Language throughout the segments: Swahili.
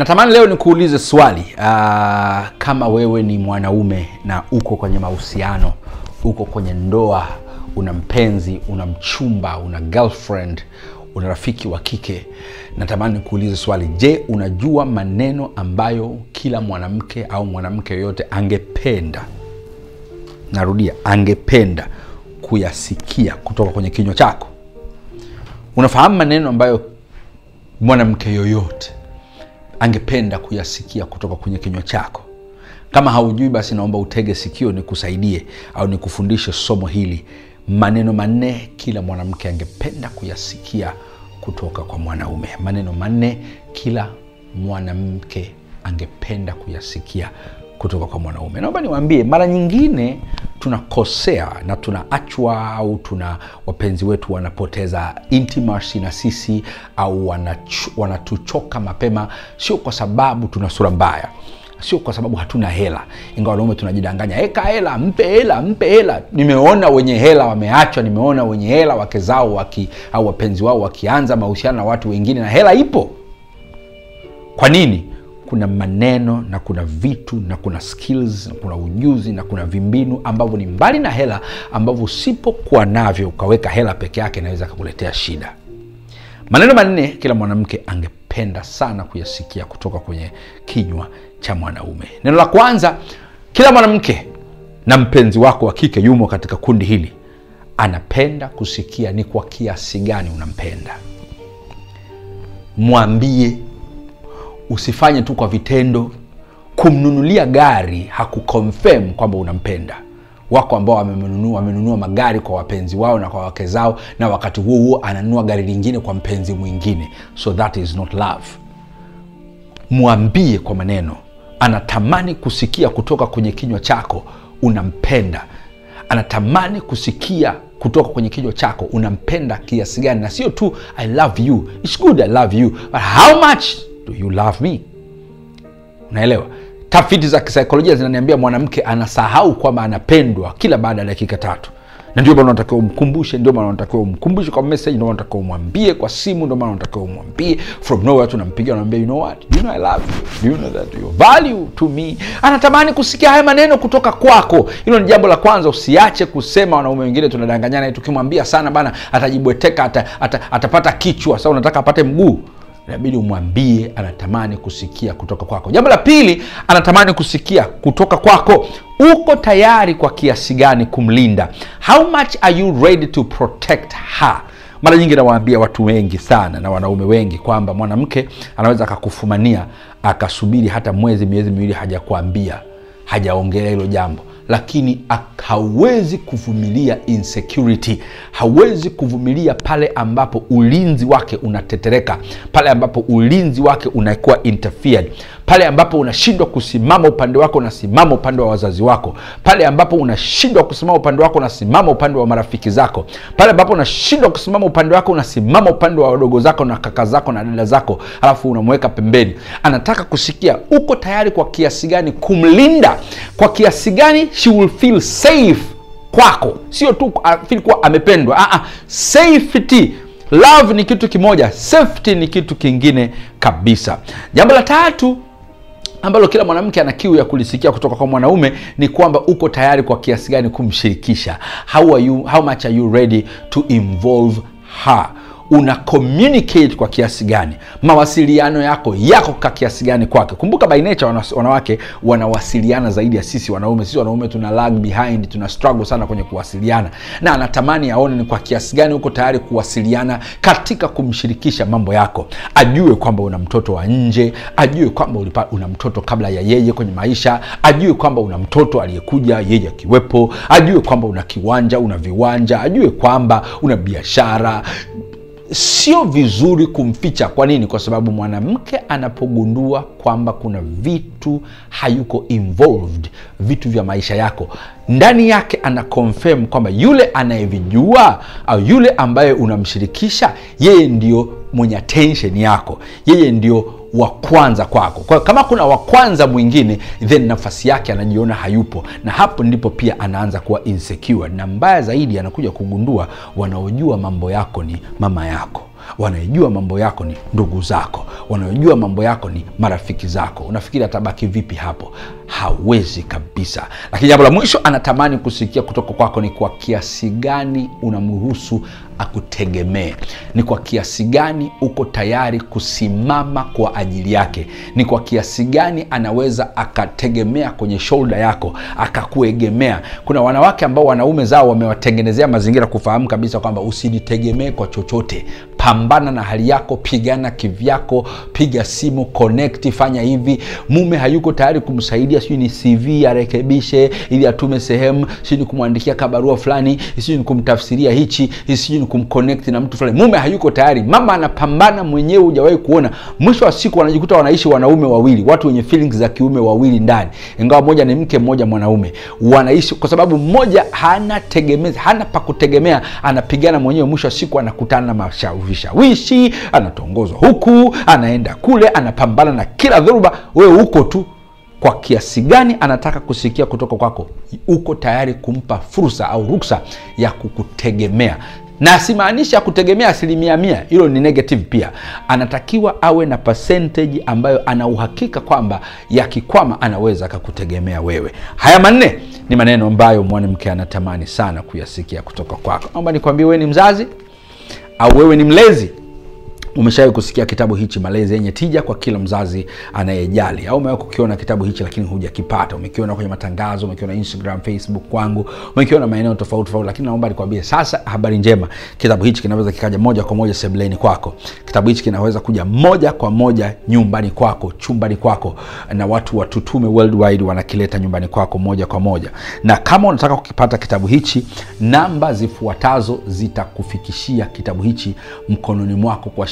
Natamani leo nikuulize swali aa, ah, kama wewe ni mwanaume na uko kwenye mahusiano, uko kwenye ndoa, una mpenzi, una mchumba, una girlfriend, una rafiki wa kike, natamani nikuulize swali. Je, unajua maneno ambayo kila mwanamke au mwanamke yoyote angependa, narudia, angependa kuyasikia kutoka kwenye kinywa chako? Unafahamu maneno ambayo mwanamke yoyote angependa kuyasikia kutoka kwenye kinywa chako kama haujui basi naomba utege sikio nikusaidie au nikufundishe somo hili maneno manne kila mwanamke angependa kuyasikia kutoka kwa mwanaume maneno manne kila mwanamke angependa kuyasikia kutoka kwa mwanaume naomba niwaambie mara nyingine tunakosea na tunaachwa au tuna wapenzi wetu wanapoteza intimacy na sisi au wanatuchoka mapema, sio kwa sababu tuna sura mbaya sio kwa sababu hatuna hela, ingawa wanaume tunajidanganya, eka hela, mpe hela, mpe hela. Nimeona wenye hela wameachwa, nimeona wenye hela wake zao waki, au wapenzi wao wakianza mahusiano na watu wengine na hela ipo. Kwa nini? kuna maneno na kuna vitu na kuna skills na kuna ujuzi na kuna vimbinu ambavyo ni mbali na hela ambavyo usipokuwa navyo ukaweka hela peke yake inaweza kakuletea shida maneno manne kila mwanamke angependa sana kuyasikia kutoka kwenye kinywa cha mwanaume neno la kwanza kila mwanamke na mpenzi wako wa kike yumo katika kundi hili anapenda kusikia ni kwa kiasi gani unampenda mwambie usifanye tu kwa vitendo kumnunulia gari hakukonfirm kwamba unampenda wako ambao wamenunua wamenunua magari kwa wapenzi wao na kwa wake zao na wakati huo huo ananunua gari lingine kwa mpenzi mwingine so that is not love mwambie kwa maneno anatamani kusikia kutoka kwenye kinywa chako unampenda anatamani kusikia kutoka kwenye kinywa chako unampenda kiasi gani na sio tu i love you It's good i love you but how much do you love me unaelewa tafiti za kisaikolojia zinaniambia mwanamke anasahau kwamba anapendwa kila baada ya dakika tatu na ndio maana unatakiwa umkumbushe ndio maana unatakiwa umkumbushe kwa message ndio maana unatakiwa umwambie kwa simu ndio maana unatakiwa umwambie from nowhere watu nampigia wanaambia you know what you know i love you do you know that you value to me anatamani kusikia haya maneno kutoka kwako hilo ni jambo la kwanza usiache kusema wanaume wengine tunadanganyana tukimwambia sana bana atajibweteka ata, ata, atapata kichwa sasa unataka apate mguu inabidi umwambie anatamani kusikia kutoka kwako jambo la pili anatamani kusikia kutoka kwako uko tayari kwa kiasi gani kumlinda how much are you ready to protect her mara nyingi nawaambia watu wengi sana na wanaume wengi kwamba mwanamke anaweza akakufumania akasubiri hata mwezi miezi miwili hajakuambia hajaongelea hilo jambo lakini hawezi kuvumilia insecurity, hawezi kuvumilia pale ambapo ulinzi wake unatetereka, pale ambapo ulinzi wake unakuwa interfered, pale ambapo unashindwa kusimama upande wako nasimama upande wa wazazi wako pale ambapo unashindwa kusimama upande wako nasimama upande wa marafiki zako pale ambapo unashindwa kusimama upande wako unasimama upande wa wadogo zako na kaka zako na dada zako alafu unamweka pembeni anataka kusikia uko tayari kwa kiasi gani kumlinda kwa kiasi gani she will feel safe kwako sio tu afili kuwa amependwa Aa, ah, ah. safety love ni kitu kimoja safety ni kitu kingine kabisa jambo la tatu ambalo kila mwanamke ana kiu ya kulisikia kutoka kwa mwanaume ni kwamba uko tayari kwa kiasi gani kumshirikisha. How are you, how much are you ready to involve her? una communicate kwa kiasi gani, mawasiliano yako yako kwa kiasi gani kwake. Kumbuka by nature wanawake wanawasiliana zaidi ya sisi wanaume. Sisi wanaume tuna lag behind, tuna struggle sana kwenye kuwasiliana, na anatamani aone ni kwa kiasi gani uko tayari kuwasiliana katika kumshirikisha mambo yako, ajue kwamba una mtoto wa nje, ajue kwamba una mtoto kabla ya yeye kwenye maisha, ajue kwamba una mtoto aliyekuja yeye akiwepo, ajue kwamba una kiwanja, una viwanja, ajue kwamba una biashara sio vizuri kumficha kwa nini kwa sababu mwanamke anapogundua kwamba kuna vitu hayuko involved vitu vya maisha yako ndani yake ana confirm kwamba yule anayevijua au yule ambaye unamshirikisha yeye ndio mwenye tension yako yeye ndio wa kwanza kwako. Kwa kama kuna wa kwanza mwingine, then nafasi yake anajiona hayupo, na hapo ndipo pia anaanza kuwa insecure, na mbaya zaidi anakuja kugundua wanaojua mambo yako ni mama yako wanayejua mambo yako ni ndugu zako, wanaojua mambo yako ni marafiki zako. Unafikiri atabaki vipi hapo? Hawezi kabisa. Lakini jambo la mwisho anatamani kusikia kutoka kwako ni kwa kiasi gani unamruhusu akutegemee, ni kwa kiasi gani uko tayari kusimama kwa ajili yake, ni kwa kiasi gani anaweza akategemea kwenye shoulda yako, akakuegemea. Kuna wanawake ambao wanaume zao wamewatengenezea mazingira kufahamu kabisa kwamba usinitegemee kwa chochote, pambana na hali yako pigana kivyako piga simu connect fanya hivi mume hayuko tayari kumsaidia sijui ni cv arekebishe ili atume sehemu sijui ni kumwandikia kabarua fulani sijui ni kumtafsiria hichi sijui ni kumconnect na mtu fulani mume hayuko tayari mama anapambana mwenyewe hujawahi kuona mwisho wa siku wanajikuta wanaishi wanaume wawili watu wenye feelings za kiume wawili ndani ingawa moja ni mke mmoja mwanaume wanaishi kwa sababu mmoja hana tegemezi hana pa kutegemea, anapigana mwenyewe mwisho wa siku anakutana na mashauri vishawishi, anatongozwa huku, anaenda kule, anapambana na kila dhoruba. Wewe uko tu kwa kiasi gani anataka kusikia kutoka kwako, uko tayari kumpa fursa au ruksa ya kukutegemea na simaanishi ya kutegemea asilimia mia, hilo ni negative pia. Anatakiwa awe na percentage ambayo ana uhakika kwamba yakikwama anaweza akakutegemea wewe. Haya manne ni maneno ambayo mwanamke anatamani sana kuyasikia kutoka kwako. Naomba nikwambie, wewe ni mzazi au wewe ni mlezi Umeshawahi kusikia kitabu hichi Malezi Yenye Tija kwa kila mzazi anayejali, au umewahi kukiona kitabu hichi lakini hujakipata? Umekiona kwenye matangazo, umekiona Instagram, Facebook kwangu, umekiona maeneo tofauti tofauti, lakini naomba nikwambie sasa habari njema. Kitabu hichi kinaweza kikaja moja kwa moja sebleni kwako. Kitabu hichi kinaweza kuja moja kwa moja nyumbani kwako, chumbani kwako, na watu watutume Worldwide wanakileta nyumbani kwako moja kwa moja. Na kama unataka kukipata kitabu hichi, namba zifuatazo zitakufikishia kitabu hichi mkononi mwako kwa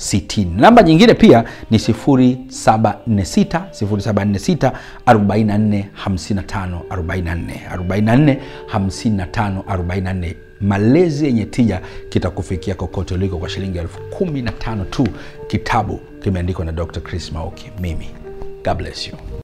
60. Namba nyingine pia ni 0746 0746 Malezi yenye tija kitakufikia kokote uliko kwa shilingi elfu kumi na tano tu. Kitabu kimeandikwa na Dr. Chris Mauki. Mimi God bless you.